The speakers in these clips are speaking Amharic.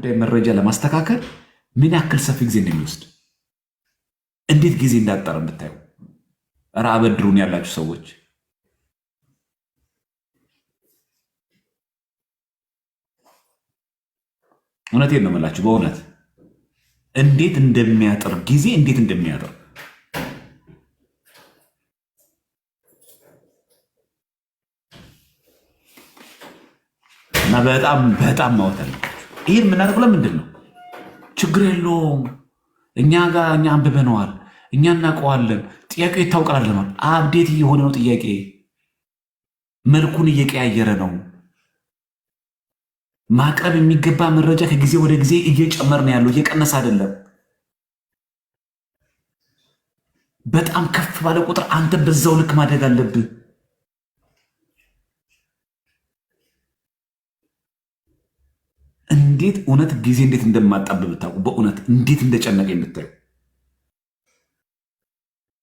ጉዳይ መረጃ ለማስተካከል ምን ያክል ሰፊ ጊዜ እንደሚወስድ እንዴት ጊዜ እንዳጠረ ብታዩ። ኧረ ያላችሁ ሰዎች እውነቴን ነው የምላችሁ። በእውነት እንዴት እንደሚያጥር ጊዜ እንዴት እንደሚያጥር እና በጣም በጣም ማወተል ይህን የምናደርግ ለምንድን ነው? ችግር የለውም እኛ ጋር እኛ አንብበነዋል፣ እኛ እናውቀዋለን፣ ጥያቄው ይታወቃል። ለማ አብዴት እየሆነ ነው፣ ጥያቄ መልኩን እየቀያየረ ነው። ማቅረብ የሚገባ መረጃ ከጊዜ ወደ ጊዜ እየጨመር ነው ያለው፣ እየቀነሰ አይደለም። በጣም ከፍ ባለ ቁጥር አንተ በዛው ልክ ማደግ አለብህ። እንዴት እውነት ጊዜ እንዴት እንደማጣብ ብታውቁ በእውነት እንዴት እንደጨነቀ የምታዩ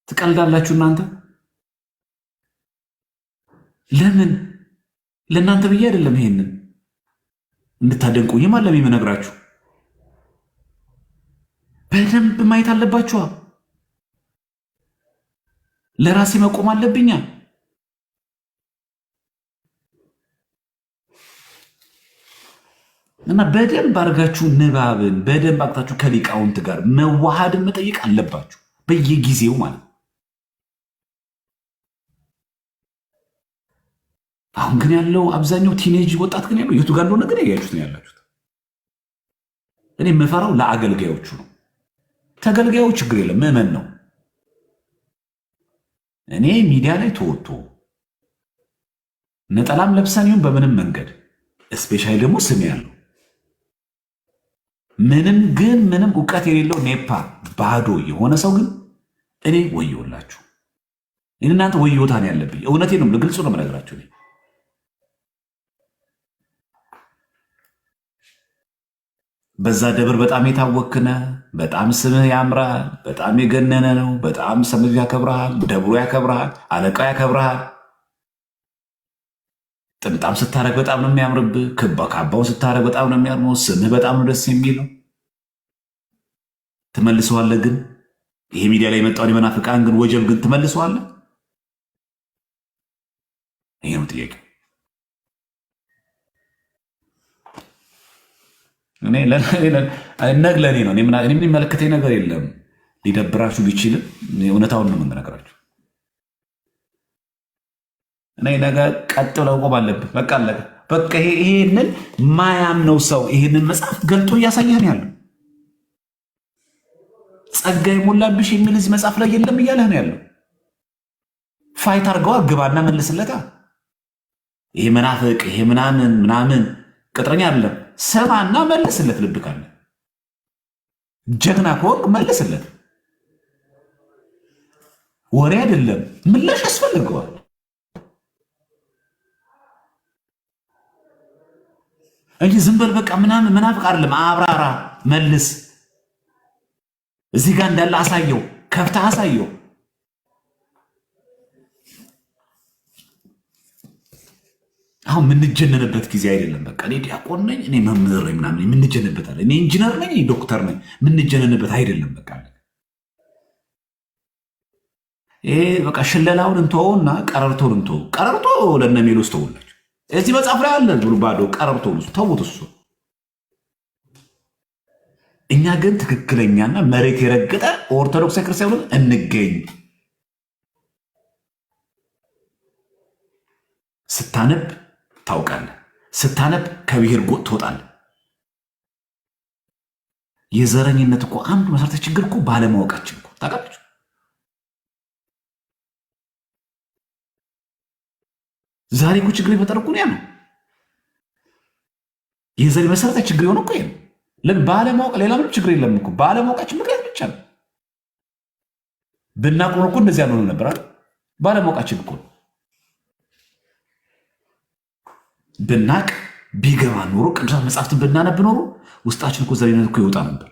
ትቀልዳላችሁ እናንተ። ለምን ለእናንተ ብዬ አይደለም ይሄንን እንድታደንቁኝም ለም የምነግራችሁ በደንብ ማየት አለባችኋ። ለራሴ መቆም አለብኛ። እና በደንብ አድርጋችሁ ንባብን በደንብ አቅታችሁ ከሊቃውንት ጋር መዋሃድን መጠየቅ አለባችሁ በየጊዜው ማለት ነው። አሁን ግን ያለው አብዛኛው ቲኔጅ ወጣት ግን ያለው የቱ ጋር እንደሆነ ግን ያያችሁት ነው ያላችሁት። እኔ የምፈራው ለአገልጋዮቹ ነው። ተገልጋዩ ችግር የለም ምዕመን ነው። እኔ ሚዲያ ላይ ተወጥቶ ነጠላም ለብሰን ይሁን በምንም መንገድ ስፔሻሊ ደግሞ ስም ያለው ምንም ግን ምንም እውቀት የሌለው ኔፓ ባዶ የሆነ ሰው ግን እኔ ወየውላችሁ፣ እናንተ ወየታን ያለብኝ እውነቴ ነው። ለግልጹ ነው የምነግራችሁ። በዛ ደብር በጣም የታወክነ፣ በጣም ስምህ ያምራል፣ በጣም የገነነ ነው። በጣም ሰምህ ያከብረሃል፣ ደብሮ ያከብረሃል፣ አለቃ ያከብረሃል። ጥምጣም ስታደረግ በጣም ነው የሚያምርብህ። ክበ ካባውን ስታደረግ በጣም ነው የሚያምረው። ስምህ በጣም ነው ደስ የሚለው። ትመልሰዋለህ ግን ይሄ ሚዲያ ላይ የመጣውን የመናፍቃን ግን ወጀብ ግን ትመልሰዋለህ? ይሄ ነው ጥያቄ። ነግ ለእኔ ነው። እኔ የሚመለከተኝ ነገር የለም። ሊደብራችሁ ቢችልም እውነታውን ነው የምነግራችሁ። እኔ ነገ ቀጥ ብለህ ቆም አለብህ። በቃ አለቀ። በቃ ይሄንን ማያምነው ሰው ይሄንን መጽሐፍ ገልጦ እያሳየህ ነው ያለው። ጸጋ የሞላብሽ የሚል እዚህ መጽሐፍ ላይ የለም እያለህ ነው ያለው። ፋይት አድርገዋ፣ ግባና መልስለታ። ይሄ መናፍቅ ይሄ ምናምን ምናምን ቅጥረኛ አይደለም። ስማና መልስለት። ልብ ካለ ጀግና ከሆንክ መልስለት። ወሬ አይደለም ምላሽ ያስፈልገዋል። እንዲህ ዝም በል በቃ ምናምን መናፍቅ አይደለም። አብራራ፣ መልስ። እዚህ ጋር እንዳለ አሳየው፣ ከፍታ አሳየው። አሁን የምንጀነንበት ጊዜ አይደለም። በቃ እኔ ዲያቆን ነኝ፣ እኔ መምህር ነኝ ምናምን የምንጀንበት አለ። እኔ ኢንጂነር ነኝ፣ ዶክተር ነኝ የምንጀነንበት አይደለም። በቃ ይሄ በቃ ሽለላውን እንተወውና ቀረርቶን እንተወው። ቀረርቶ ለእነ ሜሎስ ተውላቸው እዚህ መጽሐፍ ላይ አለን ብሎ ባዶ ቀረብቶ ብዙ ተውት። እሱ እኛ ግን ትክክለኛና መሬት የረገጠ ኦርቶዶክስ ክርስቲያን እንገኝ። ስታነብ ታውቃለ ስታነብ ከብሔር ጎጥ ትወጣለህ። የዘረኝነት እኮ አንዱ መሰረተ ችግር እኮ ባለማወቃችን እኮ ታውቃለች። ዛሬ እኮ ችግር የፈጠረ እኮ ያ ነው። የዘር መሰረታዊ ችግር የሆነ እኮ ነው። ባለማወቅ፣ ሌላ ምንም ችግር የለም እኮ ባለማወቃችን ምክንያት ብቻ ነው። ብናቆር እኮ እንደዚህ ነው ነበር አይደል? ባለማወቃችን እኮ ብናቅ ቢገባ ኖሮ ቅዱሳት መጽሐፍትን ብናነብ ኖሮ ውስጣችን እኮ ዘሬነት እኮ ይወጣ ነበር።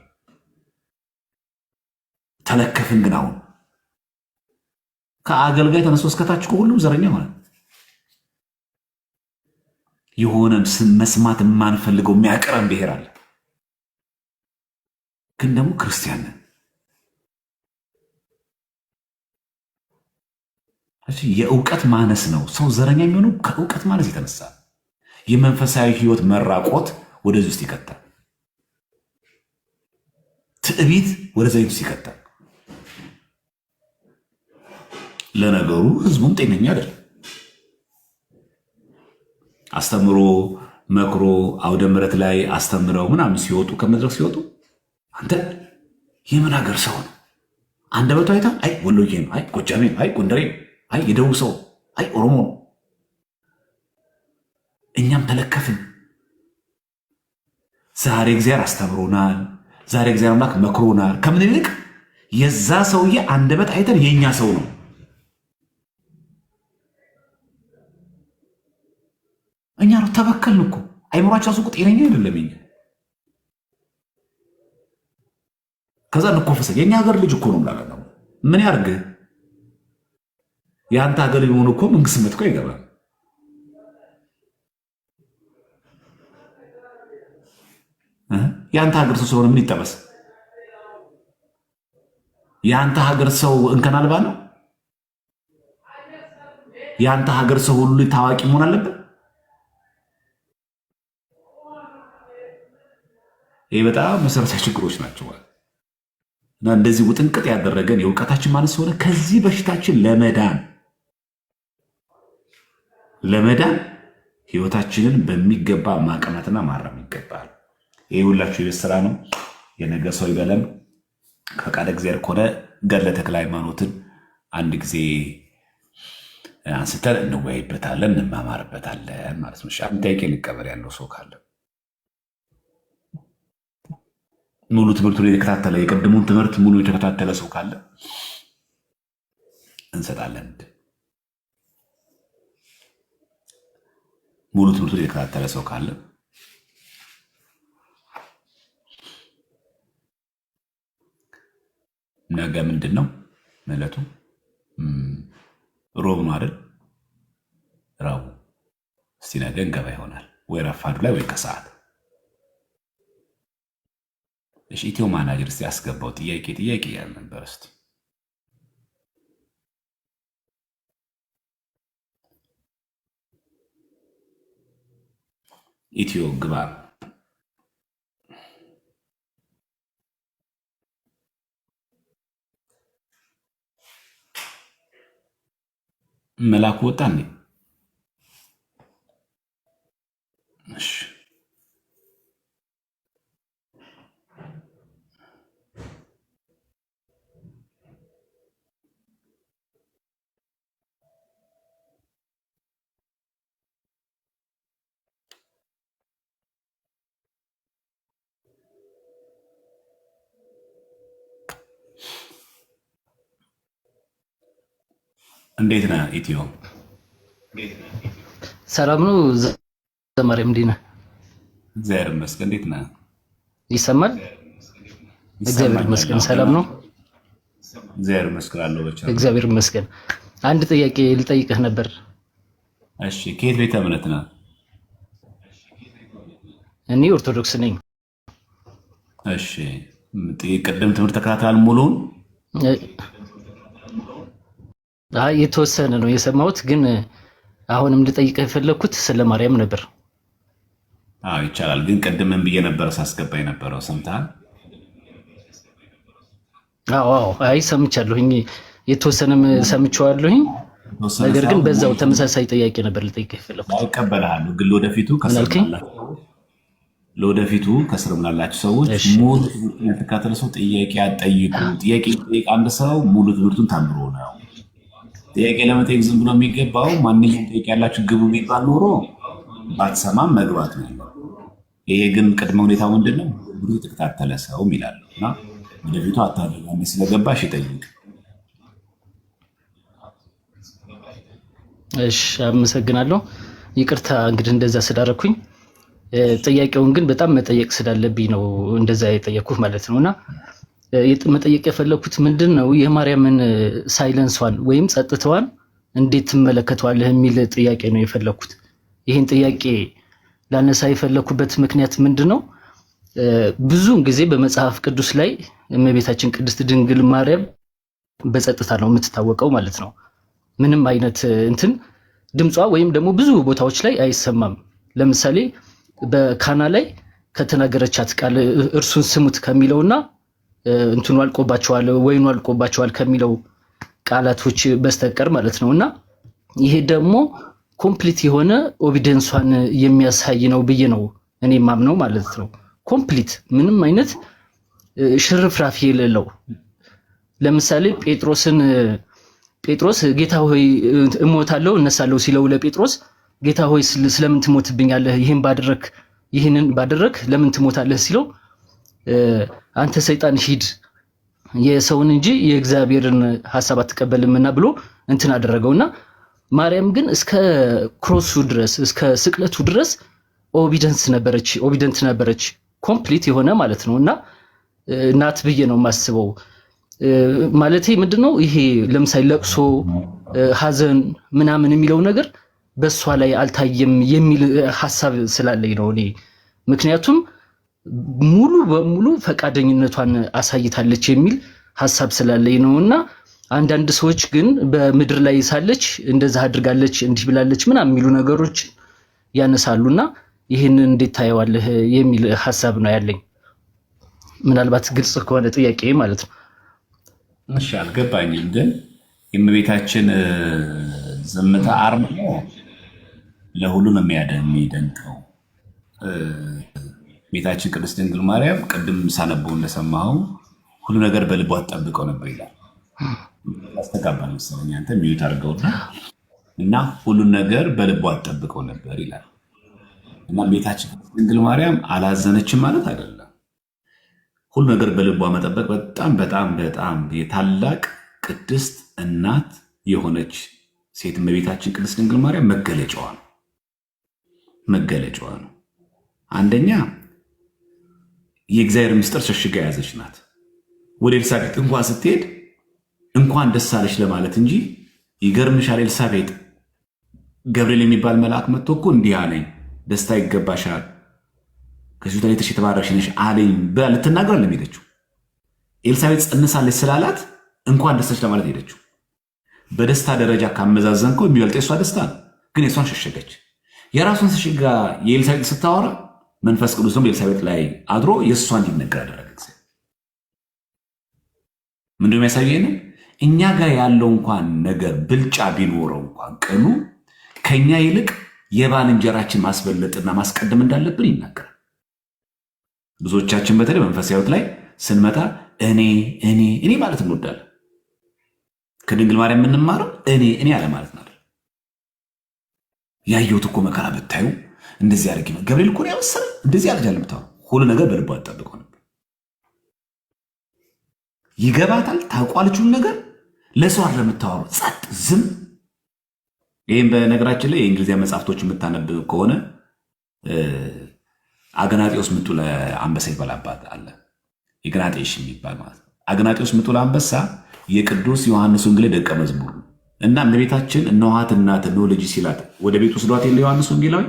ተለከፍን ግን አሁን ከአገልጋይ ተነስቶ እስከታች ሁሉም ዘረኛ ሆነ። የሆነ መስማት የማንፈልገው የሚያቀረን ብሔር አለ። ግን ደግሞ ክርስቲያን ነን። የእውቀት ማነስ ነው ሰው ዘረኛ የሚሆኑ ከእውቀት ማነስ የተነሳ የመንፈሳዊ ህይወት መራቆት ወደዚህ ውስጥ ይከታል። ትዕቢት ወደዚ ውስጥ ይከታል። ለነገሩ ህዝቡም ጤነኛ አይደለም። አስተምሮ መክሮ አውደ ምረት ላይ አስተምረው ምናምን ሲወጡ ከመድረክ ሲወጡ አንተ የምን ሀገር ሰው ነው? አንደበቱ አይታ አይ ወሎዬ ነው፣ አይ ጎጃሜ ነው፣ አይ ጎንደሬ ነው፣ አይ የደቡብ ሰው፣ አይ ኦሮሞ ነው። እኛም ተለከፍን። ዛሬ እግዚአብሔር አስተምሮናል። ዛሬ እግዚአብሔር አምላክ መክሮናል። ከምን ይልቅ የዛ ሰውዬ አንደበት አይተን የእኛ ሰው ነው እኛ ነው ተበከልን እኮ አይምሯቸው ራሱ ጤነኛ አይደለም። ኛ ከዛ እንኮፈሰ የእኛ ሀገር ልጅ እኮ ነው ምላለ ምን ያርግ የአንተ ሀገር የሆኑ እኮ መንግስትነት እኮ ይገባል። የአንተ ሀገር ሰው ስለሆነ ምን ይጠበስ? የአንተ ሀገር ሰው እንከን አልባ ነው። የአንተ ሀገር ሰው ሁሉ ታዋቂ መሆን አለበት። ይህ በጣም መሰረታዊ ችግሮች ናቸው ማለት እና እንደዚህ ውጥንቅጥ ያደረገን የእውቀታችን ማለት ስለሆነ ከዚህ በሽታችን ለመዳን ለመዳን ህይወታችንን በሚገባ ማቅናትና ማረም ይገባል። ይህ ሁላችሁ የቤት ስራ ነው። የነገ ሰው ይበለን። ፈቃደ እግዚአብሔር ከሆነ ገድለ ተክለ ሃይማኖትን አንድ ጊዜ አንስተን እንወያይበታለን፣ እንማማርበታለን ማለት ነው። ጥያቄ እንቀበል ያለው ሰው ካለ ሙሉ ትምህርቱን የተከታተለ የቀድሞን ትምህርት ሙሉ የተከታተለ ሰው ካለ እንሰጣለን። ሙሉ ትምህርቱን የተከታተለ ሰው ካለ ነገ ምንድን ነው ምለቱ? ሮብ ነው አይደል? ራቡ። እስቲ ነገ እንገባ ይሆናል ወይ ረፋዱ ላይ ወይ ከሰዓት És itt jó menedzser szeszke bot, ilyekét, ilyeki jelnek be ezt. Itt jó gvá. Melakó tenni. እንዴት ነህ ኢትዮ? ሰላም ነው ዘማሪያም፣ እንዴት ነህ? እግዚአብሔር ይመስገን። እንዴት ነህ? ይሰማል? እግዚአብሔር ይመስገን። ሰላም ነው? እግዚአብሔር ይመስገን አለው። ብቻ እግዚአብሔር ይመስገን። አንድ ጥያቄ ልጠይቅህ ነበር። እሺ። ከየት ቤተ እምነት ነህ? እኔ ኦርቶዶክስ ነኝ። እሺ። ቅድም ትምህርት ተከታተላል ሙሉን የተወሰነ ነው የሰማሁት፣ ግን አሁንም ልጠይቀ የፈለግኩት ስለ ማርያም ነበር። አዎ ይቻላል። ግን ቅድምን ብዬ ነበረ ሳስገባ የነበረው ሰምተሃል? አዎ አይ ሰምቻለሁኝ፣ የተወሰነም ሰምቼዋለሁኝ። ነገር ግን በዛው ተመሳሳይ ጥያቄ ነበር ልጠይቀ የፈለግኩት። እቀበልሃለሁ፣ ግን ለወደፊቱ ለወደፊቱ ከስር ምላላቸው ሰዎች ሙሉ ትምህርቱን ያልተካተለ ሰው ጥያቄ አጠይቁ። ጥያቄ ጠይቅ አንድ ሰው ሙሉ ትምህርቱን ተምሮ ነው ጥያቄ ለመጠየቅ ዝም ብሎ የሚገባው ማንኛውም ጥያቄ ያላችሁ ግቡ የሚባል ኖሮ ባትሰማም መግባት ነው ይሄ ግን ቅድመ ሁኔታ ምንድን ነው? ብሩ የተከታተለ ሰው ይላል እና ወደፊቱ አታደጋ ስለገባሽ ይጠይቅ። እሺ አመሰግናለሁ። ይቅርታ እንግዲህ እንደዛ ስላደረኩኝ ጥያቄውን ግን በጣም መጠየቅ ስላለብኝ ነው እንደዛ የጠየኩህ ማለት ነው እና መጠየቅ የፈለኩት ምንድን ነው የማርያምን ሳይለንሷን ወይም ጸጥተዋን እንዴት ትመለከተዋለህ የሚል ጥያቄ ነው የፈለኩት። ይህን ጥያቄ ላነሳ የፈለኩበት ምክንያት ምንድን ነው? ብዙውን ጊዜ በመጽሐፍ ቅዱስ ላይ እመቤታችን ቅድስት ድንግል ማርያም በጸጥታ ነው የምትታወቀው ማለት ነው። ምንም አይነት እንትን ድምጿ ወይም ደግሞ ብዙ ቦታዎች ላይ አይሰማም። ለምሳሌ በካና ላይ ከተናገረቻት ቃል እርሱን ስሙት ከሚለውና እንትኑ አልቆባቸዋል፣ ወይኑ አልቆባቸዋል ከሚለው ቃላቶች በስተቀር ማለት ነው። እና ይሄ ደግሞ ኮምፕሊት የሆነ ኦቪደንሷን የሚያሳይ ነው ብዬ ነው እኔ ማምነው ማለት ነው። ኮምፕሊት ምንም አይነት ሽርፍራፊ የሌለው ለምሳሌ ጴጥሮስን ጴጥሮስ ጌታ ሆይ እሞታለሁ እነሳለሁ ሲለው ለጴጥሮስ ጌታ ሆይ ስለምን ትሞትብኛለህ? ይህን ባደረክ ይህንን ባደረክ ለምን ትሞታለህ ሲለው አንተ ሰይጣን ሂድ የሰውን እንጂ የእግዚአብሔርን ሐሳብ አትቀበልምና ብሎ እንትን አደረገውና ማርያም ግን እስከ ክሮሱ ድረስ እስከ ስቅለቱ ድረስ ኦቢደንስ ነበረች፣ ኦቢደንት ነበረች ኮምፕሊት የሆነ ማለት ነው። እና ናት ብዬ ነው የማስበው። ማለት ምንድነው ይሄ ለምሳሌ ለቅሶ፣ ሀዘን ምናምን የሚለው ነገር በእሷ ላይ አልታየም የሚል ሀሳብ ስላለኝ ነው እኔ ምክንያቱም ሙሉ በሙሉ ፈቃደኝነቷን አሳይታለች የሚል ሀሳብ ስላለኝ ነው እና አንዳንድ ሰዎች ግን በምድር ላይ ሳለች እንደዛ አድርጋለች እንዲህ ብላለች ምናምን የሚሉ ነገሮች ያነሳሉና ይህን እንዴት ታየዋለህ የሚል ሀሳብ ነው ያለኝ። ምናልባት ግልጽ ከሆነ ጥያቄ ማለት ነው። እሺ፣ አልገባኝም ግን የእመቤታችን ዝምታ አርማ ለሁሉም የሚደንቀው ቤታችን ቅድስት ድንግል ማርያም ቅድም ሳነበው እንደሰማው ሁሉ ነገር በልቧ ትጠብቀው ነበር ይላል። አስተጋባ መሰለኝ አንተ ሚዩት አድርገውና እና ሁሉን ነገር በልቧ ትጠብቀው ነበር ይላል እና ቤታችን ድንግል ማርያም አላዘነችም ማለት አይደለም። ሁሉ ነገር በልቧ መጠበቅ በጣም በጣም በጣም የታላቅ ቅድስት እናት የሆነች ሴት እመቤታችን ቅድስት ድንግል ማርያም መገለጫዋ ነው መገለጫዋ ነው አንደኛ የእግዚአብሔር ምስጢር ሸሽጋ የያዘች ናት። ወደ ኤልሳቤጥ እንኳን ስትሄድ እንኳን ደስ አለች ለማለት እንጂ ይገርምሻል፣ ኤልሳቤጥ ገብርኤል የሚባል መልአክ መጥቶ እኮ እንዲህ አለኝ፣ ደስታ ይገባሻል፣ ከዚሁ ተለይተሽ የተባረክሽ ነሽ አለኝ ብላ ልትናገር ለሚሄደችው ኤልሳቤጥ ጸንሳለች ስላላት እንኳን ደስተች ለማለት ሄደችው። በደስታ ደረጃ ካመዛዘንከው የሚበልጠ የእሷ ደስታ ነው፣ ግን የእሷን ሸሸገች። የራሷን ሸሽጋ የኤልሳቤጥ ስታወራ መንፈስ ቅዱስ ደግሞ ላይ አድሮ የእሷ እንዲነገር አደረገ። ጊዜ ምንድን ይህን እኛ ጋር ያለው እንኳን ነገር ብልጫ ቢኖረው እንኳን ቅኑ ከእኛ ይልቅ የባልንጀራችን ማስበለጥና ማስቀደም እንዳለብን ይናገራል። ብዙዎቻችን በተለይ መንፈሳዊ ሕይወት ላይ ስንመጣ እኔ እኔ እኔ ማለት እንወዳለን። ከድንግል ማርያም የምንማረው እኔ እኔ ያለ ማለት ነው። ያየሁት እኮ መከራ ብታዩ እንደዚህ አድርግ ገብርኤል እኮ ነው ያመሰለ እንደዚህ ያልጃል ምታ ሁሉ ነገር በልቦ አጠብቀው ነበር። ይገባታል፣ ታውቋልችውን ነገር ለሰው ለምታወሩ ጸጥ ዝም። ይህም በነገራችን ላይ የእንግሊዝያ መጽሐፍቶች የምታነብ ከሆነ አገናጤዎስ ምጡ ለአንበሳ ይበላባት አለ። የግናጤሽ የሚባል ማለት ነው። አግናጤዎስ ምጡ ለአንበሳ የቅዱስ ዮሐንስ ወንጌል ደቀ መዝሙር እና እመቤታችን እነኋት እናት ነው ልጅ ሲላት ወደ ቤቱ ስዷት የለ ዮሐንስ ወንጌላዊ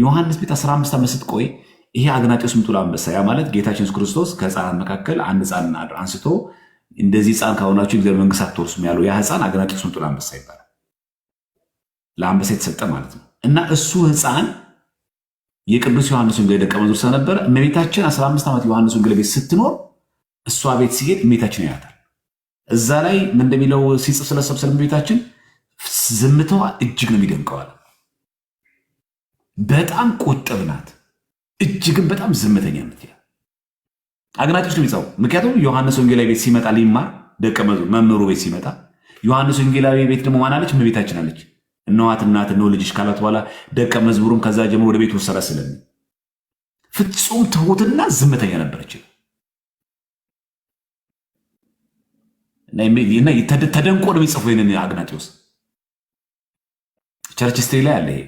ዮሐንስ ቤት 15 ዓመት ስትቆይ ይሄ አግናጢዎስ ምጡል አንበሳ ያ ማለት ጌታችን ኢየሱስ ክርስቶስ ከህፃናት መካከል አንድ ህፃን አንስቶ እንደዚህ ህፃን ከሆናችሁ እግዚአብሔር መንግስት አትወርሱም ያለው ያ ህፃን አግናጢዎስ ምጡል አንበሳ ይባላል። ለአንበሳ የተሰጠ ማለት ነው። እና እሱ ህፃን የቅዱስ ዮሐንስ ወንጌል ደቀ መዝሙር ስለነበረ እመቤታችን 15 ዓመት ዮሐንስ ወንጌል ቤት ስትኖር እሷ ቤት ሲሄድ እመቤታችን ያያታል። እዛ ላይ ምን እንደሚለው ሲጽፍ ስለሰብሰብ እመቤታችን ዝምታዋ እጅግ ነው የሚደንቀዋል። በጣም ቁጥብ ናት። እጅግም በጣም ዝምተኛ ናት አግናጮች አግናጢዎስ ነው የሚጻፉ። ምክንያቱም ዮሐንስ ወንጌላዊ ቤት ሲመጣ ሊማር ደቀ መምህሩ ቤት ሲመጣ ዮሐንስ ወንጌላዊ ቤት ደግሞ ማናለች? እመቤታችን አለች። እነዋት እናት እነሆ ልጅሽ ካላት በኋላ ደቀ መዝሙሩም ከዛ ጀምሮ ወደ ቤት ወሰዳ ስለሚ ፍጹም ትሁትና ዝምተኛ ነበረች እና ተደንቆ ነው የሚጽፉ ይህንን አግናጢዎስ ቸርች ስትሪ ላይ አለ ይሄ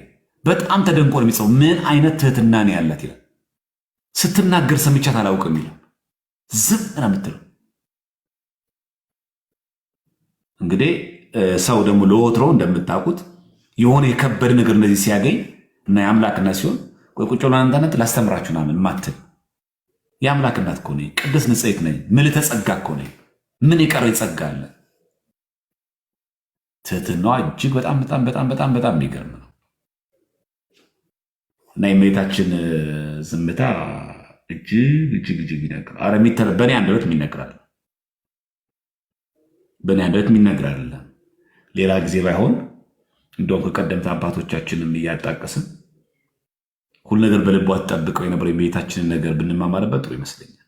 በጣም ተደንቆ ነው የሚጽፈው። ምን አይነት ትህትና ነው ያላት ይላል። ስትናገር ሰምቻት አላውቅም ይላል። ዝም ነው የምትለው። እንግዲህ ሰው ደግሞ ለወትሮ እንደምታውቁት የሆነ የከበድ ነገር እንደዚህ ሲያገኝ እና የአምላክነት ሲሆን ቁጭ ብላ አንዳነት ላስተምራችሁ ምናምን ማትል የአምላክነት ከሆነ ነኝ፣ ቅድስት ንጽሕት ነኝ፣ ምልዕተ ጸጋ ምን የቀረ ጸጋ ትህትናዋ እጅግ በጣም በጣም በጣም በጣም በጣም የሚገርም ነው። እና የመሬታችን ዝምታ እጅግ እጅግ እጅግ ይነግራል። አረ በእኔ አንደበት የሚነግራል በእኔ አንደበት የሚነግራል። ሌላ ጊዜ ባይሆን እንደውም ከቀደምት አባቶቻችንም እያጣቀስን ሁሉ ነገር በልቧ ትጠብቀው የነበረው የመሬታችንን ነገር ብንማማርበት ጥሩ ይመስለኛል።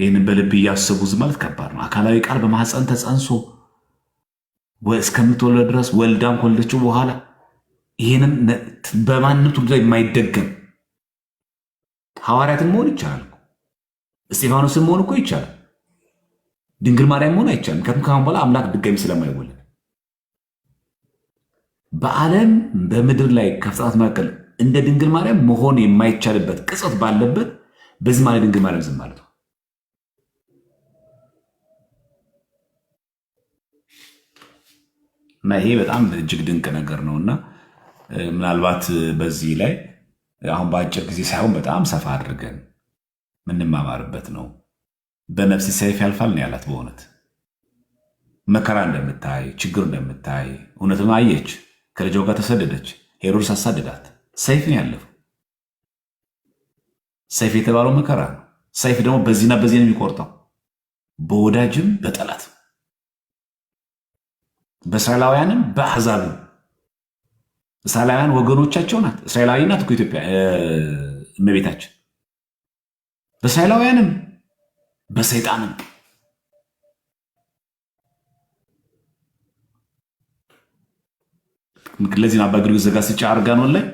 ይህንን በልብ እያሰቡ ዝም ማለት ከባድ ነው። አካላዊ ቃል በማህፀን ተጸንሶ እስከምትወልድ ድረስ ወልዳም ከወለደችው በኋላ ይህንን በማንም ትውልድ ላይ የማይደገም ሐዋርያትን መሆን ይቻላል። እስጢፋኖስን መሆን እኮ ይቻላል። ድንግል ማርያም መሆን አይቻልም። ከትም ካሁን በኋላ አምላክ ድጋሚ ስለማይወለድ በዓለም በምድር ላይ ከፍጥረት መካከል እንደ ድንግል ማርያም መሆን የማይቻልበት ቅጽበት ባለበት በዚህ ማለት ድንግል ማርያም ዝም ማለት ነው። እና ይሄ በጣም እጅግ ድንቅ ነገር ነው እና ምናልባት በዚህ ላይ አሁን በአጭር ጊዜ ሳይሆን በጣም ሰፋ አድርገን ምንማማርበት ነው። በነፍስ ሰይፍ ያልፋል ነው ያላት። በእውነት መከራ እንደምታይ ችግር እንደምታይ እውነትም አየች። ከልጃው ጋር ተሰደደች። ሄሮድስ አሳደዳት። ሰይፍ ነው ያለፈው። ሰይፍ የተባለው መከራ ነው። ሰይፍ ደግሞ በዚህና በዚህ ነው የሚቆርጠው፣ በወዳጅም በጠላት በእስራኤላውያንም በአሕዛብም እስራኤላውያን ወገኖቻቸው ናት። እስራኤላዊ ናት እኮ ኢትዮጵያ እመቤታችን። በእስራኤላውያንም በሰይጣንም ለዚህ አባ ጊዮርጊስ አርጋ ነው ላይ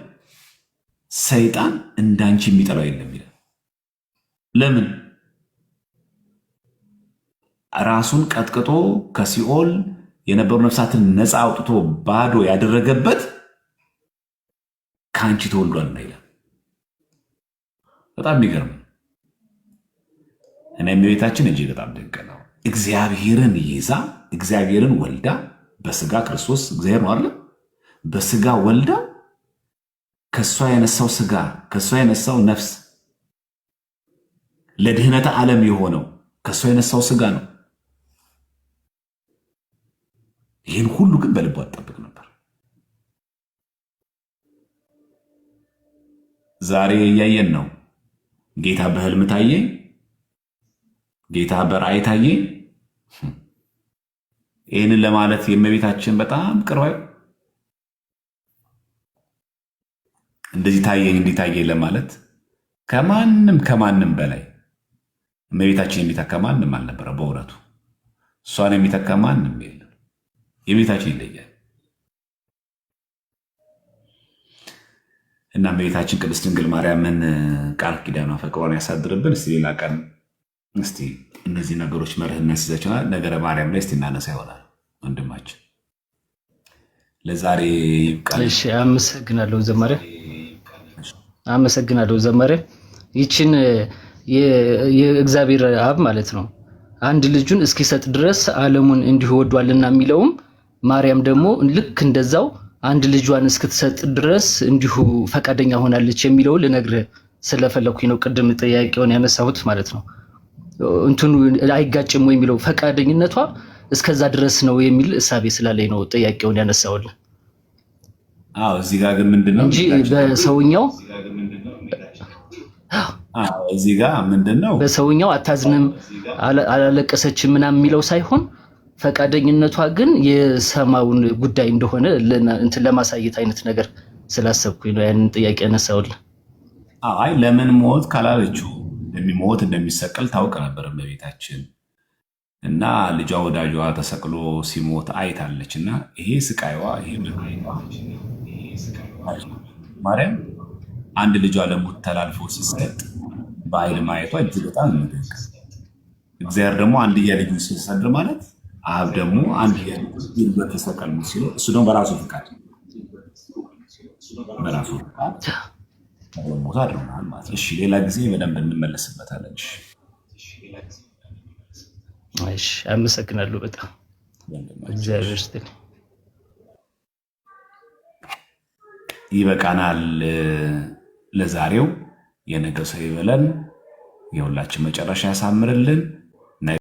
ሰይጣን እንዳንቺ የሚጠላው የለም ይላል። ለምን ራሱን ቀጥቅጦ ከሲኦል የነበሩ ነፍሳትን ነፃ አውጥቶ ባዶ ያደረገበት ከአንቺ ተወልዷልና ይላል። በጣም የሚገርም እና የሚቤታችን እጅግ በጣም ድንቅ ነው። እግዚአብሔርን ይዛ እግዚአብሔርን ወልዳ በስጋ ክርስቶስ እግዚአብሔር ነው አለ በስጋ ወልዳ ከእሷ የነሳው ስጋ ከእሷ የነሳው ነፍስ ለድህነተ ዓለም የሆነው ከእሷ የነሳው ስጋ ነው። ይህን ሁሉ ግን በልቧ አትጠብቅ ነበር። ዛሬ እያየን ነው። ጌታ በህልም ታየ ጌታ በራእይ ታየ ይህንን ለማለት የእመቤታችን በጣም ቅርባዩ እንደዚህ ታየኝ እንዲህ ታየኝ ለማለት ከማንም ከማንም በላይ እመቤታችን የሚተካ ማንም አልነበረ። በእውነቱ እሷን የሚተካ ማንም የለም። የቤታችን ይለያል። እና በቤታችን ቅድስት ድንግል ማርያምን ቃል ኪዳኗ ፍቅሯን ያሳድርብን። እስቲ ሌላ ቀን እስቲ እነዚህ ነገሮች መርህ እናስይዛቸው ነገረ ማርያም ላይ እስቲ እናነሳ ይሆናል ወንድማችን ለዛሬ ይብቃል። አመሰግናለሁ ዘማሪ፣ አመሰግናለሁ ዘማሪ። ይችን የእግዚአብሔር አብ ማለት ነው አንድ ልጁን እስኪሰጥ ድረስ ዓለሙን እንዲሁ ወዷልና የሚለውም ማርያም ደግሞ ልክ እንደዛው አንድ ልጇን እስክትሰጥ ድረስ እንዲሁ ፈቃደኛ ሆናለች የሚለው ልነግርህ ስለፈለኩኝ ነው። ቅድም ጥያቄውን ያነሳሁት ማለት ነው። እንትኑ አይጋጭም ወይ የሚለው ፈቃደኝነቷ እስከዛ ድረስ ነው የሚል እሳቤ ስላለኝ ነው ጥያቄውን ያነሳውል። አዎ እዚህ ግን እንጂ በሰውኛው እዚህ በሰውኛው አታዝንም፣ አላለቀሰችም ምናምን የሚለው ሳይሆን ፈቃደኝነቷ ግን የሰማውን ጉዳይ እንደሆነ ለማሳየት አይነት ነገር ስላሰብኩኝ ነው ያንን ጥያቄ ያነሳውል። አይ ለምን ሞት ካላለችው እንደሚሞት እንደሚሰቀል ታውቅ ነበር እመቤታችን እና ልጇ ወዳጇ ተሰቅሎ ሲሞት አይታለች እና ይሄ ስቃይዋ ይሄ ማርያም አንድ ልጇ ለሞት ተላልፎ ሲሰጥ በአይል ማየቷ እጅግ በጣም እግዚአብሔር ደግሞ አንድያ ልጁ ሲሰድር ማለት አብ ደግሞ አንድ ይልበት ተሰቀል ሲለው እሱ ደግሞ በራሱ ፍቃድ በራሱ ፍቃድ ተለሞታ አድሮናል ማለት ነው። እሺ ሌላ ጊዜ በደንብ እንመለስበታለን። እሺ አመሰግናለሁ በጣም እግዚአብሔር ይስጥልኝ። ይበቃናል ለዛሬው። የነገ ሰው ይበለን። የሁላችን መጨረሻ ያሳምርልን።